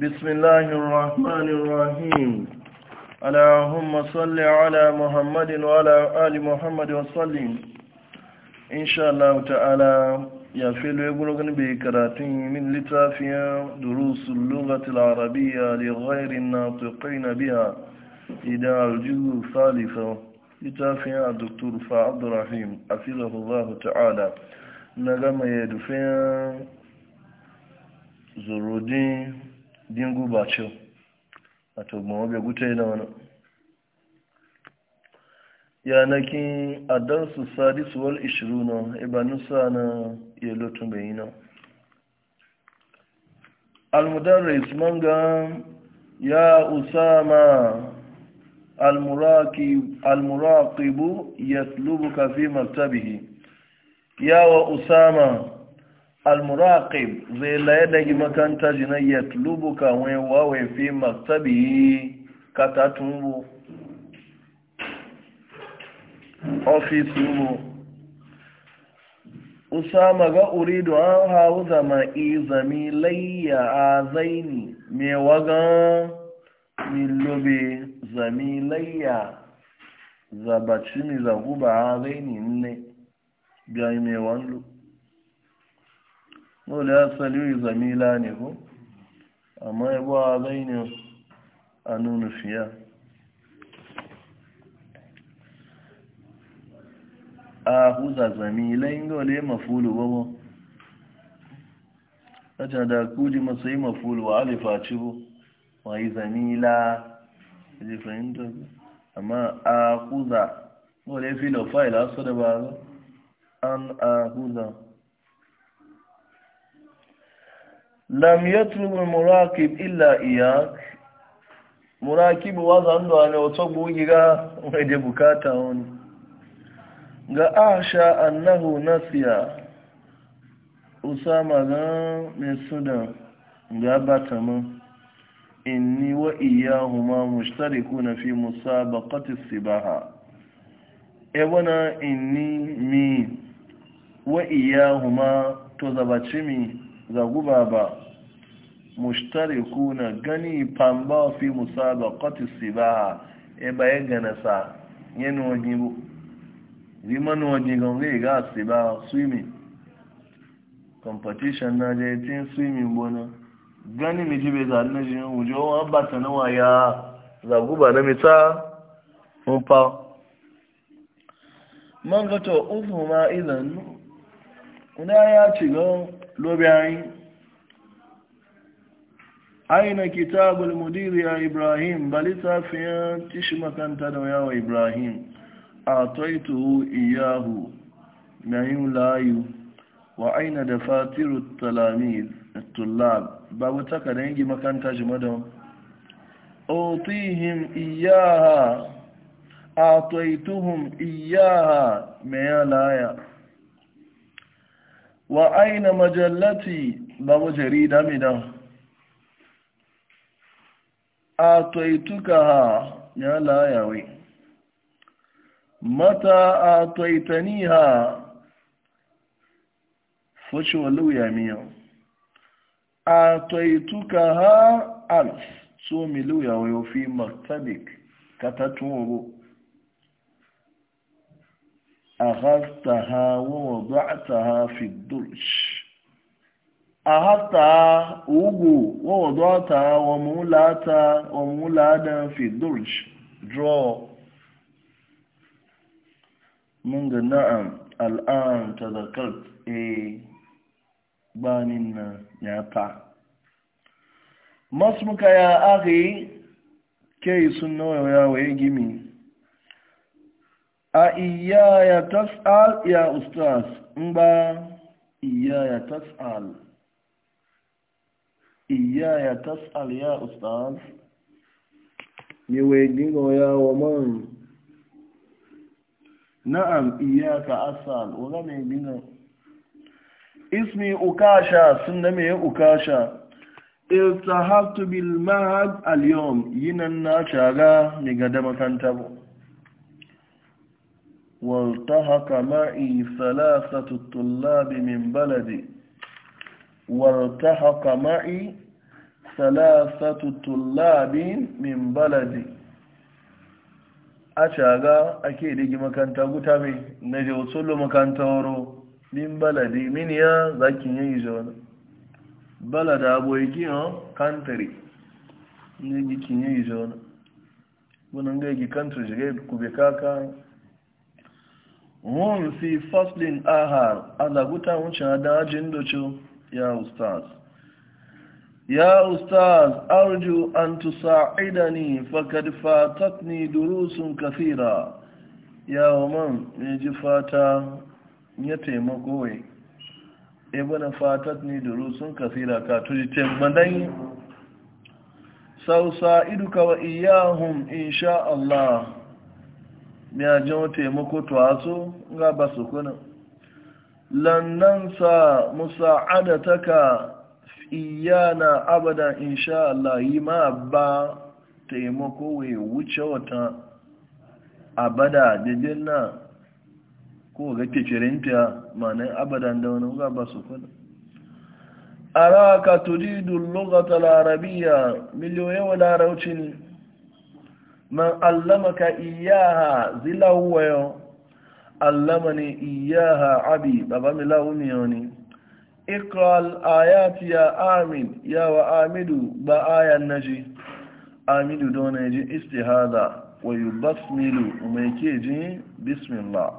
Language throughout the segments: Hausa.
بسم الله الرحمن الرحيم اللهم صل على محمد وعلى آل محمد وسلم إن شاء الله تعالى يفعل يقولون بكراتين من لتافيا دروس اللغة العربية لغير الناطقين بها إذا الجزء الثالث لتافيا الدكتور فعبد الرحيم أفله الله تعالى نغم يدفيا زرودين dingu ba ce a togban wabe gutai na wani yanakin adarsu sadisuwar ishiru na ibanusa na yalotun bayi na almudarris manga ya usama almuraqibu yatlubuka fi maktabihi ya wa usama almuraqib zai laye da makanta jina ya tulubu ka wani wawai fi maktabi kata tumbu ofis yubu usama ga uridu an hau zama izami layya a zaini mai wagan milobe zami layya zabaci mi zaguba a zaini ne biya mai wani wani asali zamila ne ko amma yabuwa zai ne a nuna fiya a huza zamilai ga wale mafulu babu aja da kuji masu yi mafulu wa alifa ci bu wa yi zamila ji fahimta amma a huza wale filo fa'ila su da ba an a huza lam yatlubu murakib illa iyak murakibu wazan da ne wato bugiga waje bukata wani ga asha annahu nasiya usama ga Mesuda, ga batama inni wa iyahuma mushtarikuna fi musabaqati sibaha ebona inni mi wa iyahuma to zabaci mi zaguba ba mushtari kuna gani pamba fi musabaqati sibaha e baye gana sa yenu wajibu liman wajibu ngai ga siba swimming competition na je tin swimming bona gani mi jibe za na je ujo wa bata na waya zaguba na mita umpa man gato uzuma idan kuna ya ci gan lobe ayin aina kitabul mudiri ya ibrahim ba littafin tishi makanta da yawa ibrahim a taituhu iyahu na layu wa aina da fatiru talamil tulab babu taka da dangi makanta jimadan otihim iyaha a taituhun iyaha mai layu. wa aina majallati ba mu jarida midan a taituka ha ya layawe mata a taitani ha fushi wa ya miyan a taituka ha alf so milu ya wayo fi maktabik katatun ogo a haska hawa wadatawa wa mahulata hawa ma wulada fidush a haska hawa wadatawa wa mahulata hawa ma wulada fidush a haska ha wugu wa wadatawa wa mahulata hawa ma wulata hawa da ya taɓa yi ta yi ta yi ta yi yi ta yi ta yi ta a ya tas'al ya ustaz mba ba ya tas'al ya tas'al ya ustaz ni dingo ya wa man na'am ka asal wala ne dingo ismi ukasha sunna me ukasha iltahabtu bil mahad al yawm yinan na shaga ni ga da makanta والتحق معي ثلاثة الطلاب من بلدي والتحق معي ثلاثة طلاب من بلدي أشاغا أكيد يجي مكان تاغوتامي نجي وصلوا مكان تورو من بلدي من يا ذاكي يجونا بلد أبو يجي كانتري نجي كي يجونا ونجي كانتري جيب كوبيكاكا mun fi faslin ahar alaguta wucin dajin doce ya ustaz ya ustaz arju an tusa'idani fakad fatatni durusun kathira ya man me ji fata ya taimako wai ibana e fatatni durusun kathira ka tuji tembadan sausa iduka wa iyahum insha Allah ya jan taimako to aso ga ba su kuna lannansa musa'adataka iyana abada insha Allah yi ma ba taimako wai wuce wata abada daidai na ko ga kekerinta abadan da wani ga ba su kuna araka turidu lugatal arabiya miliyoyin larauci ne man allamaka iyaha zilawo allamani iyaha abi baba mi lawo mi oni iqral ayati ya Amin ya wa amidu ba ayan naji amidu dona ji istihada wa yubasmilu ke ji bismillah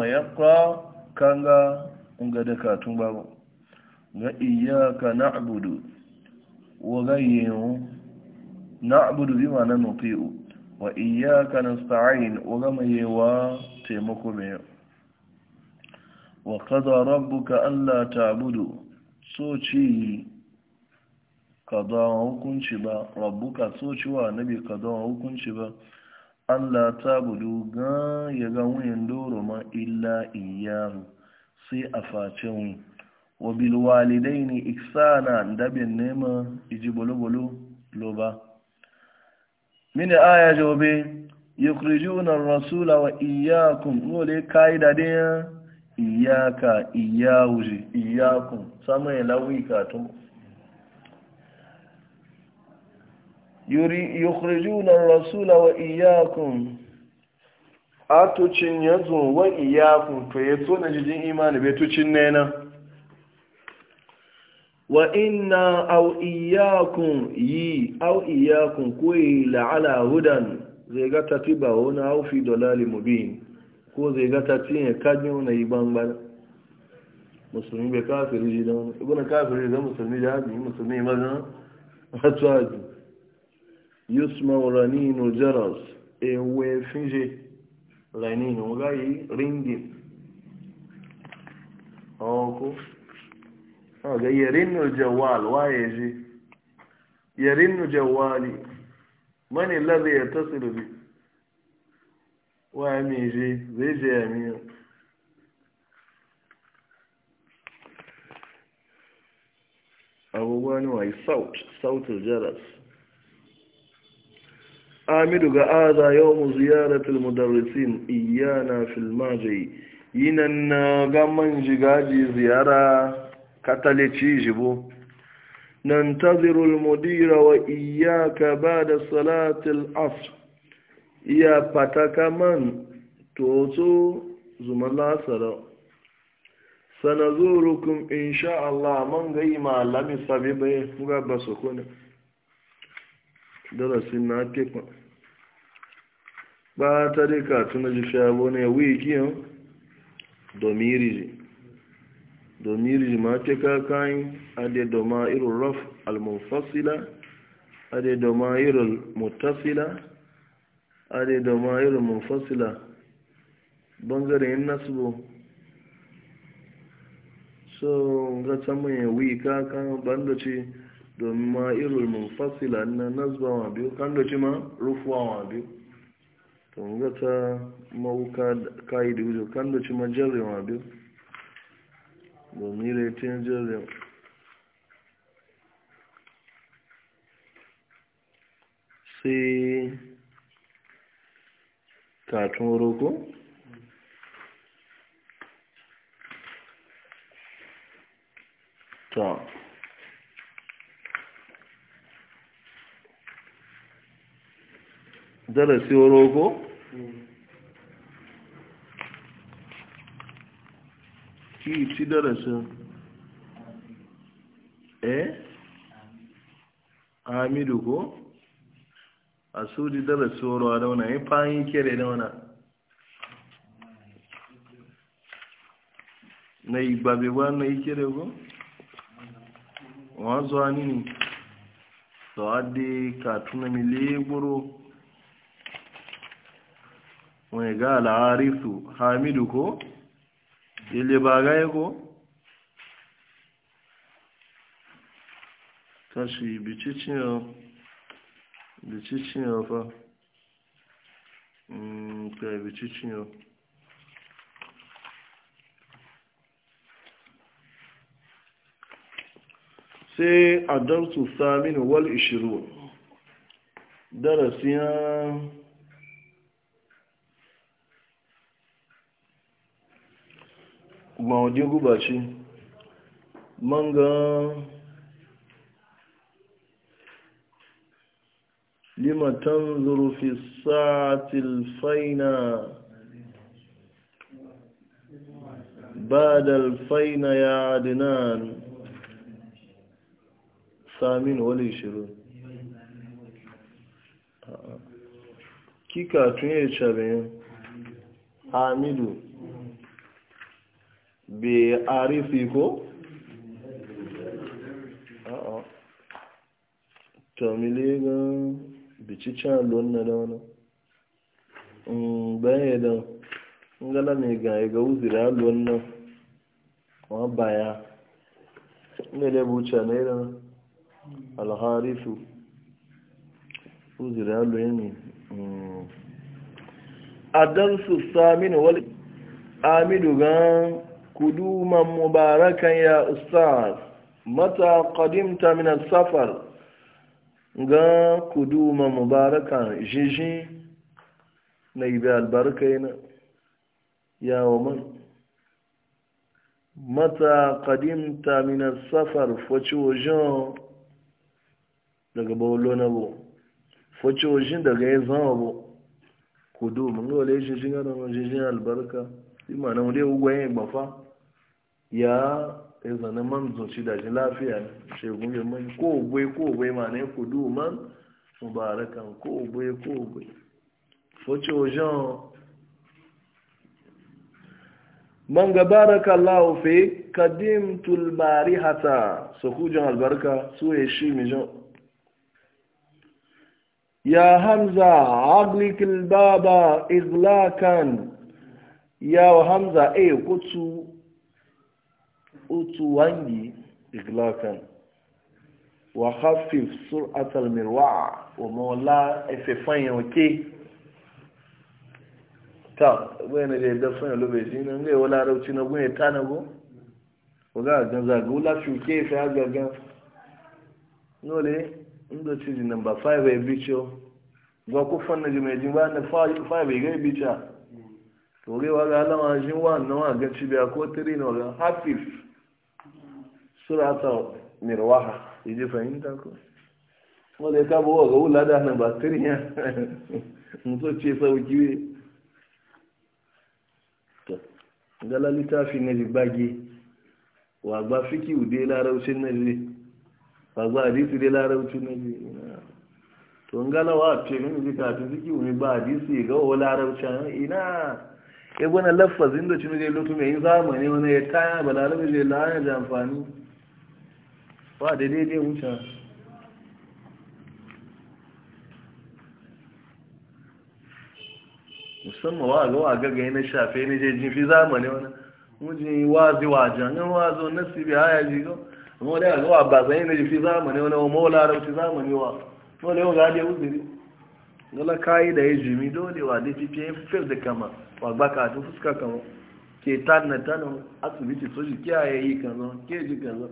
ya yaqra kanga unga da katun babu ga iyaka na'budu wa gayyun na'budu bima na nuti'u wa iyyaka nasta'in ugama yewa taimako me wa qada rabbuka alla ta'budu so ci qada hukunci ba rabbuka so ci wa nabi qada hukunci ba allah ta'budu ga ya ga wuyin doro ma illa iyyahu sai a facin wa bil walidaini ihsana dabin nema iji bolo bolo loba mini aya jobe yukhrijuna ar-rasula wa iyyakum wole kaida de iyyaka iyyawji iyyakum samay lawika to yuri yukhrijuna ar-rasula wa iyyakum atucin yazo wa iyyakum to yazo na jijin imani bai tucin nena wa inna au iyakun yi au iyakun koyi la'ala hudan zai ga tafi ba wani haufi dalali mubin ko zai ga tafi ya kajin wani iban ba musulmi bai kafiri ji don ibina kafiri zai musulmi da haɗi musulmi mazan hatu haɗi yusman raninu jaras ewe finje raninu gayi ringin ọkụ ga yarinnu jawal waye shi yarinnu jawali mani lazi ya tasiru bi waye mai shi zai je ya miyo abubuwa ne wai saut sautul jaras amidu ga aza yau mu ziyaratul mudarrisin iyana fil majayi yinan na gaman jigaji ziyara katalici jibu nan tazirul mudira wa iyaka ba da salatul asr iya pataka man to zuma lasara sana zurukun insha Allah man gai malami sabi bai fuga ba su kuna na fekwa ba ta dika tunaji shabo ne wiki domiri ji domin ma ta kakan ade doma irin raf al a ade doma irin mutasila ade doma irin munfasila yin nasibu so ga samun ka kakan bandoci domin ma irin munfasila na nasbawa biyu kandaci ma rufuwa biyu to ga ta mawuka wujo kan da ci majarewa biyu domin retin jirgin sai katun roko ta darasi roko hmm. ki ci darasin eh amidu ko a su di darasin ruwa da wana yi fahimci kere da wana na igbabe wa na yi kere ko wọn zuwa nini da adi katuna mile gburu wani ga al'arisu hamidu ko tele bagaye ko tashi bicicin bicicin fa ta mm, bicicin yau sai a darsu saminu wal ishiru darasiyan maudi guba ce manga lima tanzuru fi sa'atil faina بعد الفين يا عدنان samin wale shirin kika tun yi cabe hamidu bi arifi ko a'a uh-uh. tamile ga bici calon na da wani mm, bayan da ngala ne ga ga uzira alon nan wa baya ne da buca ne da alharisu uzira alon ne mm. sami saminu wali amidu gan قدوما مباركا يا أستاذ متى قدمت من السفر غا قدوما مباركا جيجي نيبا البركين يا ومن متى قدمت من السفر فوچوجون daga bolona bo focojin daga ya zama bo kudu mun gole نقول shi gano jijin albarka imana mu dai ya zane man zoci da shi lafiya shegun ya mai ko bai ko bai ma ne ku du man mubarakan ko bai ko bai foce wajen man baraka allahu fi kadim tulbari hata su kujan albarka su ya e shi mijan ya hamza aglikil baba iglakan ya hamza a e, kutu otu wangi iglakan wa hafif sur'atal mirwa wa mawla efefan yanke ta wani da yadda fanya lokaci na ngai wala rauci na gunye ta na go waga gan zaga wula shuke fi ha no nole inda ci di ba 5 ya bicho ku kufan na jimeji ba na 5 ya gai bicha to gai waga alama jin wa na wa ga cibiya ko 3 na waga hafif surata mirwaha yaji fahimta ko wanda ya kaba wa ga wula da na ba tiriya mutu ce sauki ne to gala littafi na libage wa ba fiki ude laraucin na ji wa ba hadisi de laraucin na ji to ngala wa ce min ji ka fiki umi ba hadisi ga wa laraucin ina e bana lafazin da cinu je lutu mai zamani wani ya kaya balarabe je lana ya amfani ba da daidai wuce musamman wa ga wa gaga na shafe ne je jifi zamani wani mujin wazi wajen yan wazo nasibi haya jigo amma wani ga wa ba zai yana jifi zamani wani wa maula rauti zamani wa dole yau ga wuziri, uzuri gala kayi da ya jimi dole wa da fifi ya fil da kama wa baka ta fuska kama ke tan na tan asibiti soji kiyaye yi kaza ke ji kaza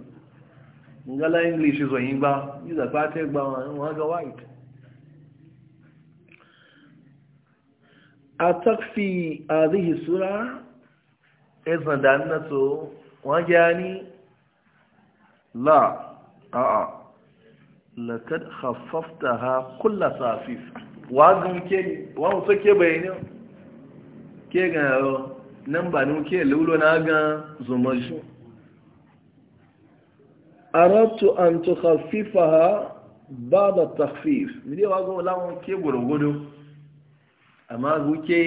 ngala english zo yin ba yiza pa te gba wọn ga white atakfi hadhihi sura ezan da na so wọn gani la a a lakad khaffaftaha kull safif wa gun ke wa so ke bayani ke ga nan ba nu ke lulo na ga zumaji arabtu an tukhaffifaha ba'da takhfif video wago lawon ke gorogodo amma guke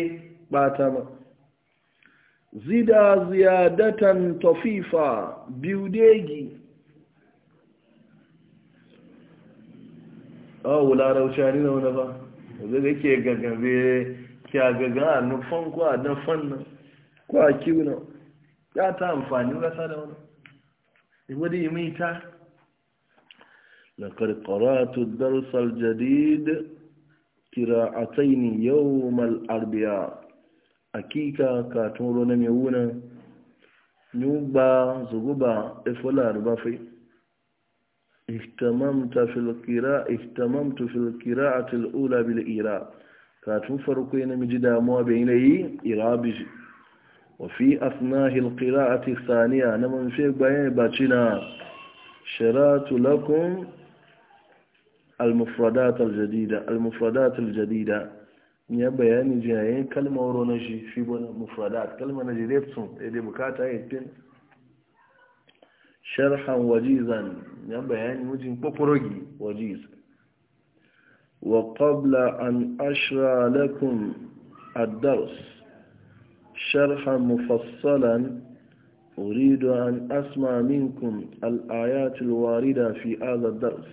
bata ma zida ziyadatan tafifa biudegi awu larauci ni na wani ba wanda da ke gaggabe ke gaggaga a nufan ko a dafan fannin ko a kiwu na ya ta amfani rasa da wani يبدي يميتا لقد قرأت الدرس الجديد قراءتين يوم الأربعاء أكيكا كاتورو نميونا نوبا زغبا إفولا ربافي اهتممت في القراءة اهتممت في القراءة الأولى بالإيراب كاتو فرقين مجدا موابين لي إرابي وفي أثناء القراءة الثانية نمن في بيان باتنا شرات لكم المفردات الجديدة المفردات الجديدة يا بيان جايين كلمة ورونجي في بنا مفردات كلمة نجريبتم إذا إيه مكاتا يتن إيه شرحا وجيزا يا بيان مجين بقرقي وجيز وقبل أن أشرى لكم الدرس شرحا مفصلا أريد أن أسمع منكم الآيات الواردة في هذا الدرس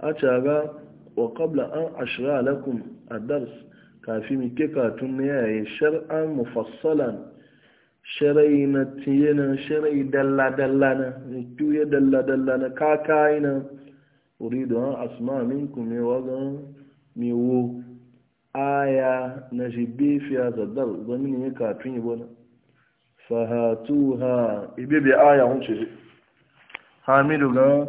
أتابع وقبل أن أشرع لكم الدرس كافي مكيكا تنياي شرعا مفصلا شرعي نتينا شرعي دلا دلانا نتوية دلا دلانا كاكاينا أريد أن أسمع منكم يوغا ميوو aya na jibe fiya zaddar domin ya katun yi wani fahatuha ibe bai aya hunce hamidu ga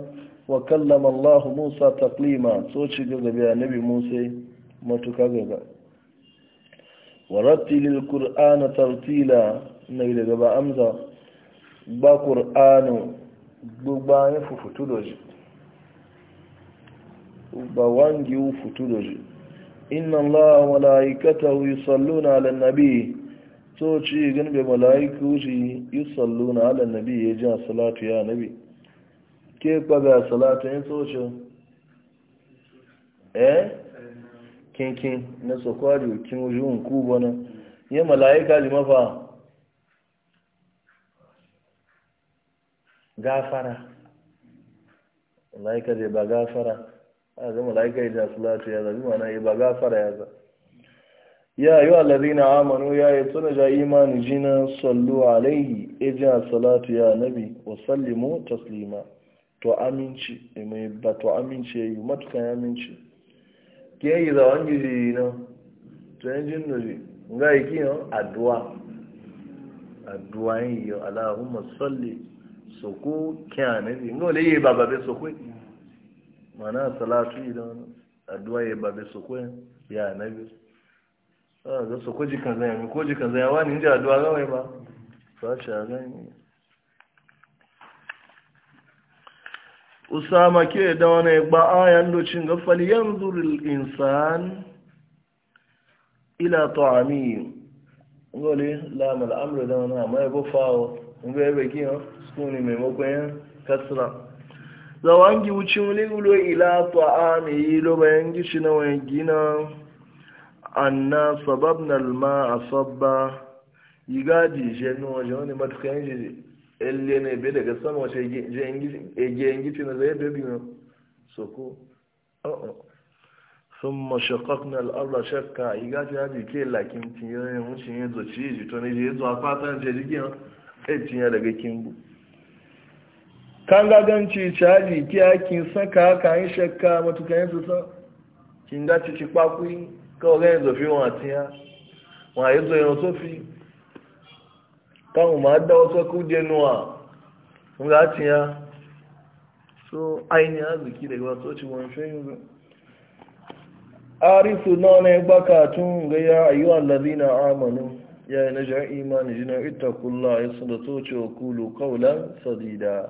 wa kallama allahu musa taklima so ci gaga biya nabi musa matuka gaga wa rattilil qur'ana tartila nai daga ba amza ba qur'anu gbogbo ya fufutu doji ba wangi futu doji inna Allah wa malaikatahu yusalluna ala nabi to ci gan be malaiku ji yusalluna ala nabi ya ji salatu ya nabi ke ga salatu yin soce eh kinkin na sokwari kin wujun ku bana ya malaika ji mafa gafara malaika ji ba gafara a zama laika ya jasu lati ya zabi mana ya ba gafara ya za ya yi wa lazina amanu ya yi tuna ja imani jina sallu alaihi ejin salatu ya nabi wa sallimu taslima to aminci mai ba to aminci ya yi matukan aminci ki yi za wani ji na to yin jin nuri ga yi kiyan addu'a addu'a yin yi allahumma salli soko kyan nabi ngole yi bababe soko mana salatu idan addu'a ya babe su ko ya na nabi sai ah, ga su ko jikan zai mi ko jikan zai ni ji addu'a ga mai ba fa sha gani usama ke da wani ba ayan lucin ga fal yanzur al insan ila ta'ami ngole lam al amru da wani amma ya bo fawo ngwe be kiyo sukuni maimakon kasra zawangi wuce muligulo ila ta'ami lo bayan gishi na wayan gina anna sababna alma asabba yigaji jenu wani matukan ji elle ne be daga sama wace egeyen gishi na zai bebi na soko sun uh-uh. mashakak na al'arba shakka yigaji ya jike lakin tiyoyin wuce yin zoci jito ne je zuwa fatan daga kimbu kan gaganci caji kiya kin saka kan shakka matukan yanzu sa kin ga cici kwakwi kawai ga yanzu fi wa tiya wa yanzu yanzu sofi kan ma da wasu kuje nuwa kun ga tiya so aini arziki daga wasu ci wani fi yanzu arisu na wani baka tun ga ya ayyuan lazina amanu ya yi na jan imani jinan ita kula ya sun da toce wa kulu kaulan sadida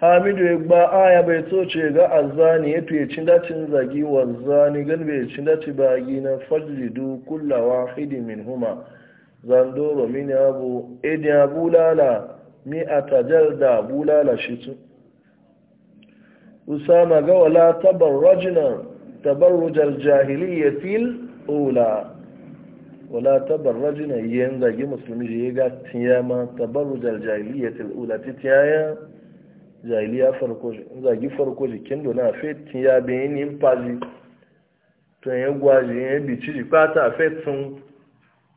hamidu ya gba aya bai toce ga azani ya tuye cin dacin zagi wa zani galbe ya cin daci bagi na fajlidu kullawa hidi min huma zando zandoro mini abu edin ya bulala mi a tajar da bulala shi tun usama ga wala tabar rujar tabarrujar ya fil ula wala rajinan yin zagi musulmi ya ga tiyama tabarrujar ya fil ti tiyaya jahiliya farko zagi farko jikin dona fetin ya bayan yin fazi to yin gwaji yin bici ji fata fetin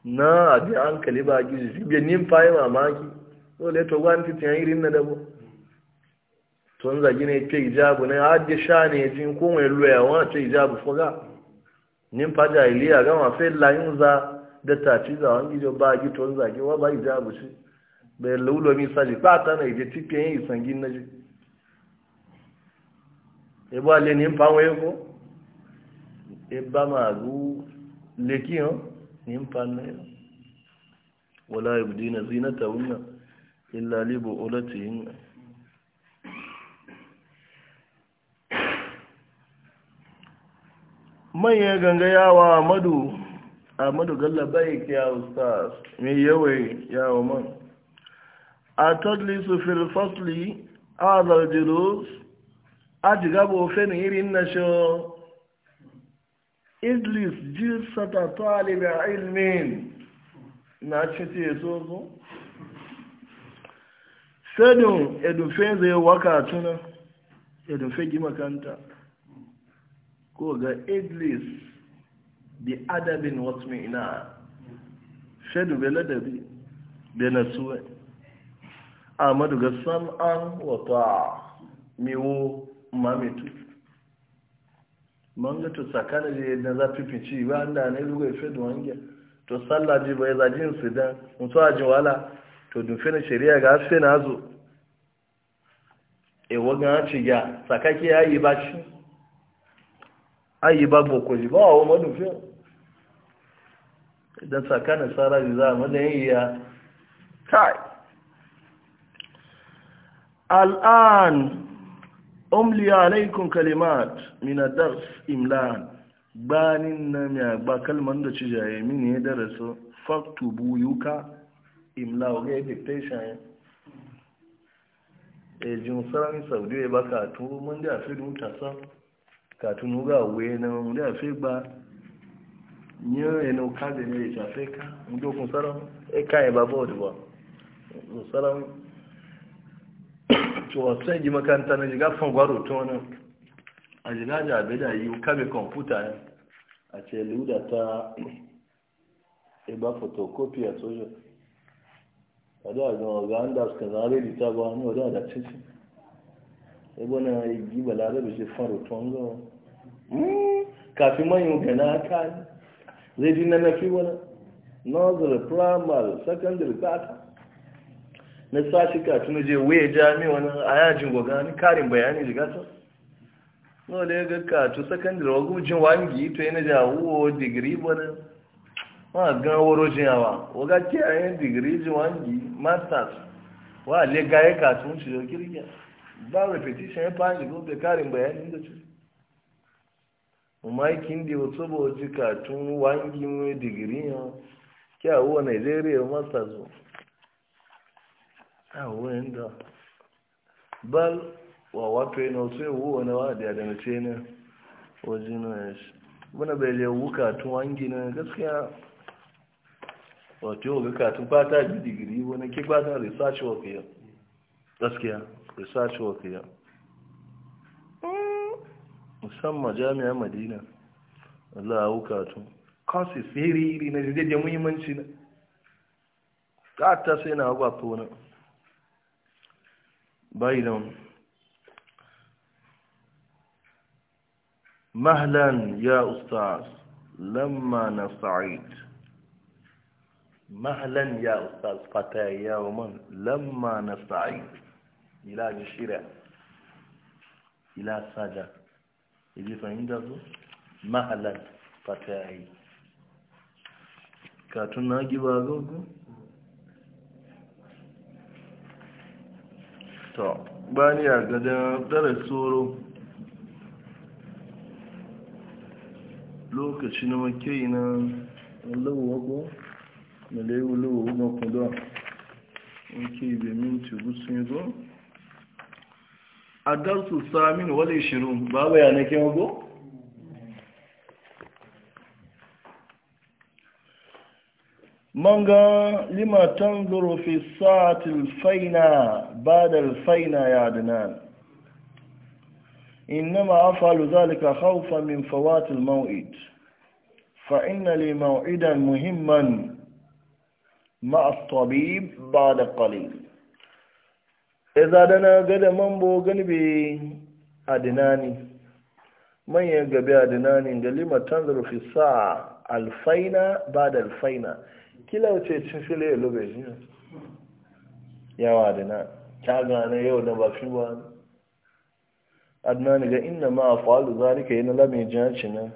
na abin hankali ba gizi shi ni yin fayi mamaki dole to gwan titin yan irin na dabo to zagi ne ke ijabu ne hajji sha ne jin kowai luya wani ce ijabu ni yin fa jahiliya gama fe layin za da taci za wani gijo ba gi to zagi wa ba ijabu shi bai laulomi saji fata na ije tipe yin isangin na ji ebo ale ni nfa wọn eko eba ma gu leki hàn ni nfa na yọ ibùdí na tàwọn yìí amadu amadu ya kiyawa mai yawai yawa man أتجلس في الفصل هذا الجلوس أجغب فنهر النشو اجلس جلسة طالب علم ناشتي يسوكو sanin edufe zai waka tuna edufe gi makanta ko ga idlis bi adabin wasu ina da amadu ga sam'an wata miwo mamitu man ga to sakana je na za fifici ba da ne zuwa ife da wange to sallah ji bai za jin su dan mutu a ji wala to dun fina shari'a ga fe na zo e wagan ci ga ya yi ba shi ayi ba boko ji ba wa madu fe idan sakana sara ji za mu da yayi ya kai al'an umli alaikun kalimat mina dars imlan na mai ba kalman da ci jaye mini e, ya darasa faktu buyuka sarari saudi ya baka mun da fi duta sa ka ga we na mun da fi ba nyo eno ka de ne ta fe ka kun sarari e ka e de ba sarari to a makaranta na jiga fan gwaro a jiga da abe da yi kabe kwamfuta ya a ce luda ta eba photocopy a a da ga wanda suka zare da ta ba ni wadda cikin ebe na yi balarabe shi fan roton gawa kafin manyan gana kan zai ji na nafi wani secondary ba na sashi ka tunu je waye jami wani ayajin goga ni karin bayani jiga ta no da ya gaka to secondary wa gujin wangi to yana ja wo degree bana wa ga woro jin awa wa ga ke ayin degree jin wangi masters wa le ga ya ka tun shi kirkiya ba repetition pa ni go be karin bayani da shi umai kindi wo jika tun wangi mu degree ya Nigeria masters awenda bal wa wafe na sai wu wani wa da da mace na. wajen shi muna bai le wuka tun wangi na gaskiya wato yau ga katun fata bi digiri wani ke fata research work ya gaskiya research work ya musamman hmm, Jami'an madina Allah wuka tun kansu siri iri na jide muhimmanci na ta sai na gwapa wani بينهم مهلا يا أستاذ لما نصعيد مهلا يا أستاذ يا ومن لما نصعيد إلى الشراء إلى السجا يجي فهمت مهلا فتى كاتنا جواغوكم to bani ya ga da tsoro lokaci na makiyi na lawa ko na lewu lawa ga kudu bai minti gusun zo a darsu samin wale shirin ba ya na mun ga limatan zurufi sa'atil faina ba da faina ya dinan innama afalu zalika haufa min fawatil ma'u'id fa ina li ma'u'idan muhimman ma'astabi ba da kwali e zadana gada mambo galibi a dinani manyan gabi a dinani da limatan zurufi sa'a alfaina ba da alfaina kila wuce cifile ya lobe shi yawa da na ta gane yau da ba fi ba adnan ga inda ma a falu zalika yana lamin jihanci nan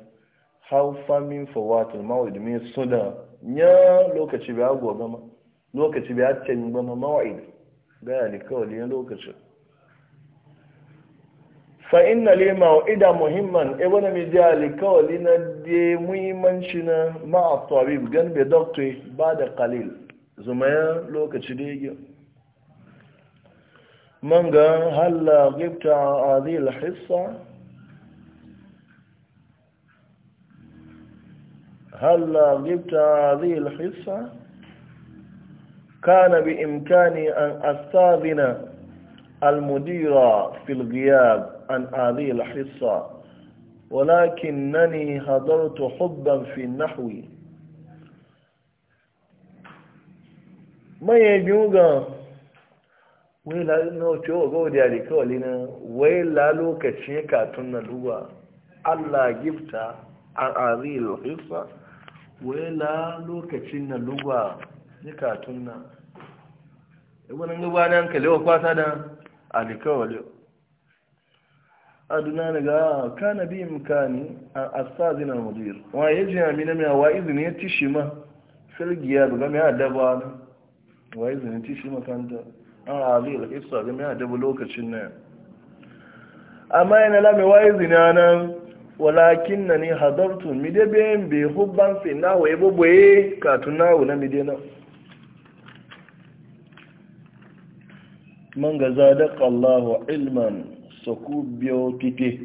haufa min fawatul mawid min suda ya lokaci bai agwa gama lokaci bai cikin gama mawa'id ga ya likawali ya lokaci فإن لي موعدا مهما إبن مجالك ولنا دي مهمنشنا مع الطبيب جنب دكتور بعد قليل زمان لو كتشديج من هل غبت هذه الحصة هل غبت هذه الحصة كان بإمكاني أن استاذن المدير في الغياب عن هذه الحصة ولكنني هدرت حبا في النحو ما يجوغا wela no to da alkawali na wela lokacin katun na duwa Allah gifta an azil hisa wela lokacin na duwa ni katun na ibn ngaba nan kalewa kwasa da alkawali aduna ne ga kana bi imkani a astazina mudir wa ya ji mina wa izini ya tishi ma firgiya da ga mai adaba na wa izini ya tishi ma kanta an ali al-ifsa ga mai adaba lokacin nan amma yana na mai wa izini nan walakin na ni hadartu mi de be be hubban fi na wa yebo boye ka tunawo na mi de na man gaza da Allahu ilman soku biyo pipe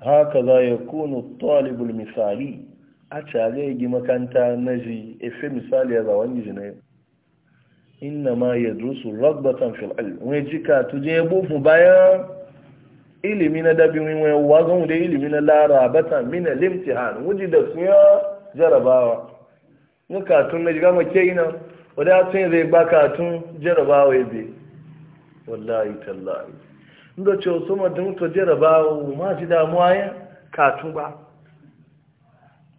haka za ya kunu talibul misali a cale gi makanta na ji efe misali ya zawon gizi na yi. inna ma ya drusu ragbatan fil'al wani jika tuje ya bufu bayan ilimi na dabi wani wagon da ilimi na larabatan mina limtihan wuji da su ya jarabawa ni katun na jiga make yi nan wadda zai ba katun jarabawa ya bi wallahi tallahi da ce wasu madin to ba ma ji damuwa ya katu ba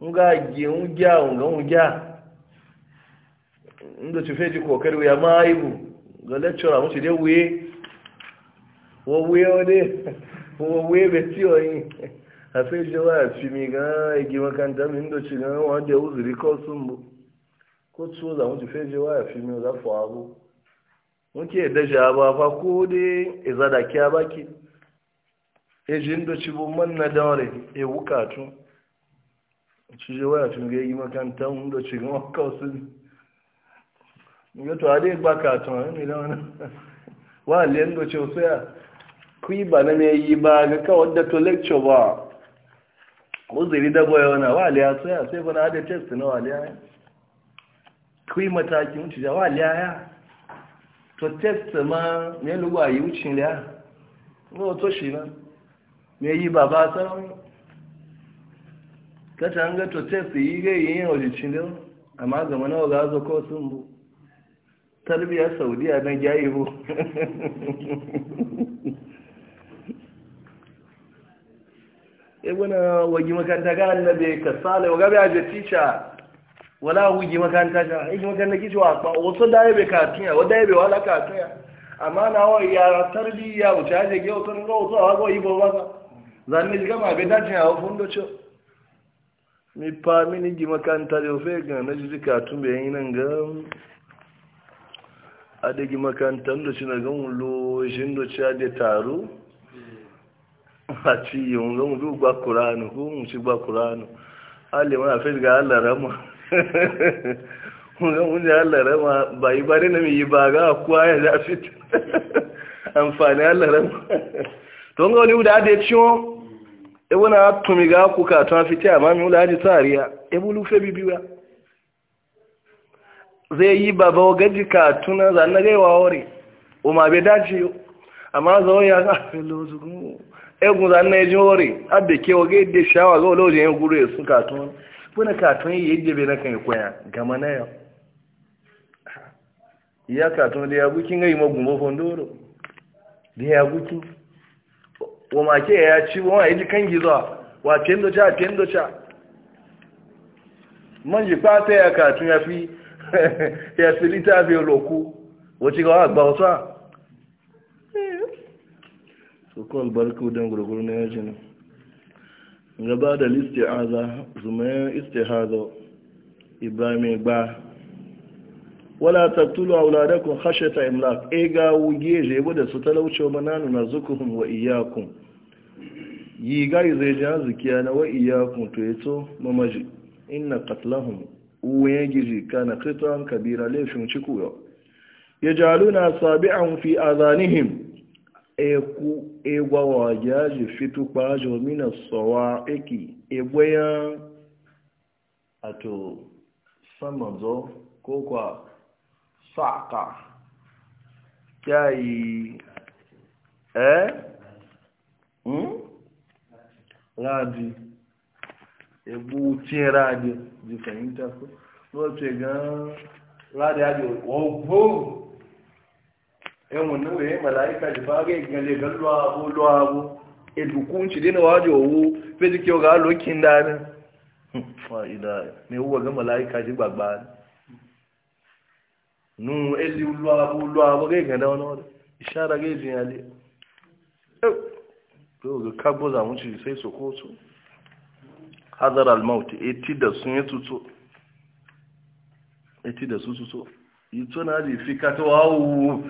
nga giyun gya nga gya ndo ci feji kokari ya maibu ga lecturer mu ci de wuye wo wuye ode wo wuye be ti o yin a feji wa ci mi ga igi e makanta mi ndo ci ga wa de uzuri ko sumbu ko tsuza mu ci feji wa fi mi za fo abu nke da jaba fa ko de e baki eji jin do ci bu man na dare e wukatu ci waya tun ga yi makanta un do ci ga ka su ga to ade ba ka to ne da wannan wa len do ci ya ku yi ba ba ga ka wadda to lecture ba uzuri da boye wana wa ya so ya sai bana ade test na wa ya ku yi matakin ci da ya to test ma ne luwa yi wucin da no to shi na me yi baba san ka ta ga to test yi ga yi wucin da amma ga mana ga zo ko sun bu tarbiya saudiya na jayi bu e wani wagi makanta ga annabe kasala waga ba ya je teacher wala wuge makaranta ta aiki makaranta ki cewa ba wasu da bai katun ya wadda bai wala ka ya amma na wa ya tarbiyya wuce aje ge wasu ga wasu a ga yi ba zan ni ma be dace ya wasu fundo cho mi pa mini gi makaranta da ofe ga na ji katun bai yin nan ga A adegi makaranta ndo ci na ga mun lo shi ndo ci de taru? a ci yun ga mun gba qur'an ko mu ci gba qur'an alle fe ga allah rama wanda wunde Allah rama ba yi bari na mai yi ba ga kuwa ya za fit amfani Allah rama to ga wani wuda da ciwo e wana tumi ga kuka ka ta fiti amma mi wuda ji tsariya e bulu fe bibiwa zai yi baba gaji ka tuna zan na gaiwa wari o ma bai dace amma zo ya ga felo zugun egun zan ya ji wore abbe ke o ge de shawa ga olojin gure su ka tuna funa katon yi yadda bai na yi kwaya gama na yau ya katon da ya bukin gai magumba fondoro da ya buki. wa make ya ci wa yi ji kan gizo wa tendo cha tendo cha man ji fata ya katon ya fi ya fi lita fi roku wace ga wa gba wata sokol eh. barku don gurguru na yajinu gaba da listi'aza zumayen istihazo ibrahim gba wala tattulu auladakum khashyata imlak e ga wuge jebo da su talauce wa mananu na zukuhun wa iyakun yi yi zai jan zukiya na wa iyakun to to mamaji inna katlahun uwe giji ka na qitan kabira laifin ciku yau yajaluna sabi'an fi adhanihim eku egwawa jaji fitu kwajo mina sowa eki egwaya ato samazo ko kwa saka kyayi eh hmm radi ebu cin radi ji fahimta ko n'otu gan radi ajo ɗan wannan waye mala'ika ji faga gale galwa abu luwa abu e dukunci dina waje owu fe ji kyau ga alokin dani hmm, fa'ida ne wuwa ga mala'ika ji gbagba nu ezi luwa abu luwa abu ga yi gane wani wani ishara ga yi ezi yale ɗau ga kabo za mu ci sai su hazar al-maut eti da sun yi tuto eti da sun tuto ito na ji fi kata wawu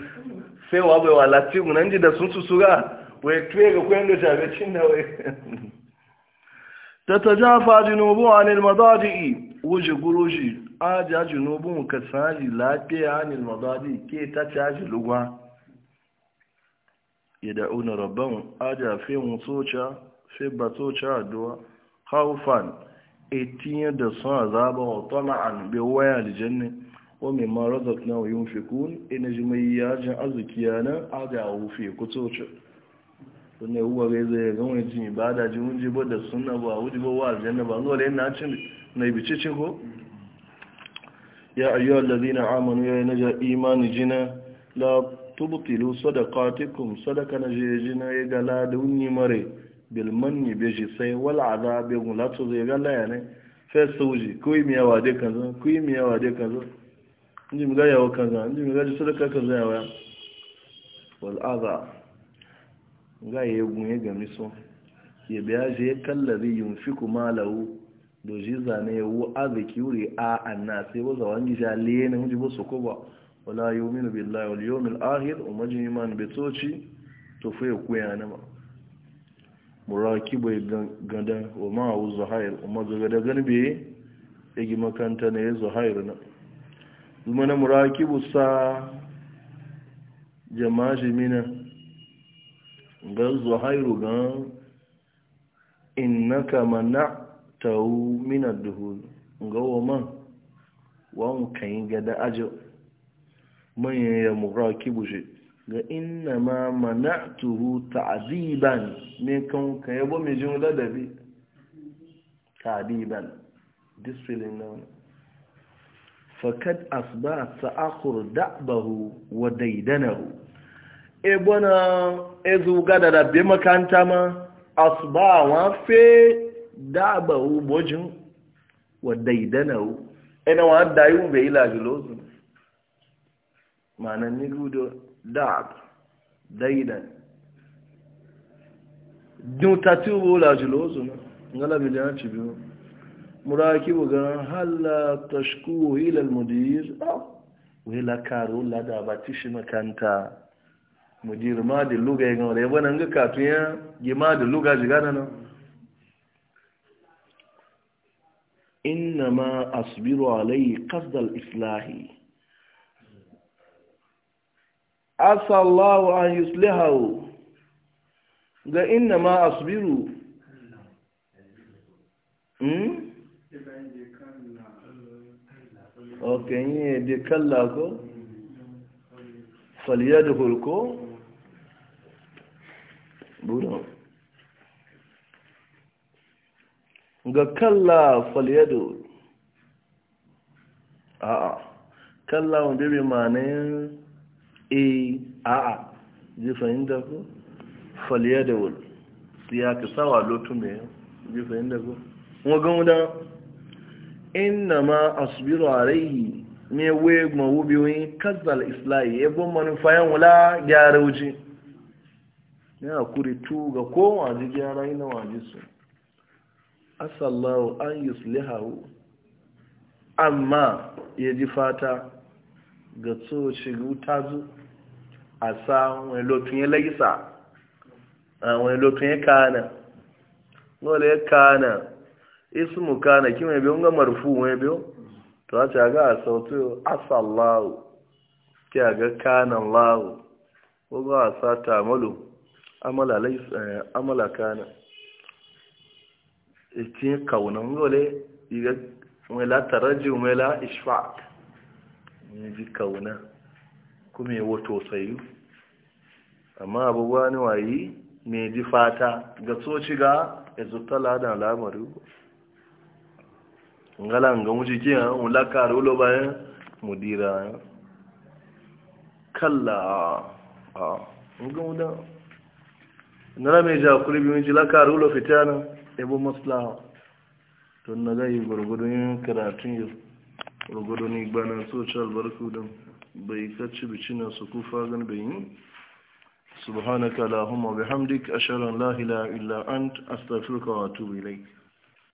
sai wa bai walati gunan ji da sun su suga wai tuye ga kuyan da jabecin da wai ta ta jafa jinubu a nilmadaji wuji guruji aja jinubu ka sani lafiya a nilmadaji ke ta caji lugwa ya da'una rabban aja fi musoca fi batoca addu'a haufan etiyan da sun zabawa wa an bai waya aljanna wame ma razak na wayin fikun ina ji mai yajin arziki yana aga wufe kutoci sunne uwa ga zai ga wani ba ibada ji mun ji bada sunna ba wuji ba wa aljanna ba ngole yana cin na ibice cin ko ya ayyuhal na amanu ya naja imani jina la tubtilu sadaqatikum sadaka naje jina ya gala da unni mare bil manni ji sai wal azabi gulatu zai gala yana fa sauji kuyi miyawa dai kanzo kuyi miyawa dai kanzo ndi mga yawo kaza ndi mga gaji sadaka kaza ya waya wal adha ga ye gunye ga miso ye biya je kallabi yunfiku malahu doji zane yawo azaki wuri a annasi wa zawangi ja lene hunji bo ba wala yu'minu billahi wal yawmil akhir umajin iman betoci to fe ku yana ma murakibu gada wa ma'u zuhair umma gada ganbe yagi e makanta ne zuhair na zuma na murakibu sa jama'a jimina ga zuhairu gan innaka mana'tahu min ad-duhul ga woman wan kan gada da ajo manyan ya murakibu shi ga inna ma mana'tuhu ta'ziban ne kan ka yabo mai jin ladabi ta'ziban discipline na fakad asba ta'akhur da'bahu wa daidanahu e bona ezu gada da be makanta ma asba wa fe da'bahu bojin wa daidanahu ina wa dayu be ila julozu manan ni gudo da'b daidan dun tatu wala julozu ngala bi da ci biyo مراكب وقال هل تشكو إلى المدير آه. وهي لكارو لا دابتش مكانتا مدير ما دي اللغة يقول يبون أنك كاتويا جي ما دي اللغة جغانا إنما أصبر علي قصد الإصلاح عسى الله أن يصلحه ذا إنما أصبر ọkàn yi èdè kalla ko faliyadu hulko buran ga kalla faliyadu a'a kalla wanda bai manayin e a'a ji fahimta ko da faliyadu ya ka sawa lotu mai ji fahimta ko wagan wadanda inna ma a alaihi me we mawubi wani kazzal islahi ya bon manufayan wula gyara wuce ya kuri tu ga kowa ji gyara yi na waje su asallahu an yuslihahu amma ya ji fata ga tso shiga ta zu a sa wani lotun ya laisa wani lotun ya kana wani ya kana ismu kana kima yabe nga marfu yabe to acha ga sautu asallahu ke ga kana allah ko ga sata amalu amala lais amala kana itin kauna ngole iga wala taraji wala ishfaq ji kauna kuma ya wato sayu amma abubuwa ne wayi me fata ga so ga ezutala na da ngala nga mu ke ha lakar kare wula bayan mudira kalla a nga wuda nara mai ja kuri biyu ji lakari wula fita na ebo maslaha don na gayi gwargwadon karatun yau gwargwadon igbana social barku don bai kacci bici na su kufa gan bayin سبحانك اللهم وبحمدك أشهد أن لا إله إلا أنت أستغفرك وأتوب إليك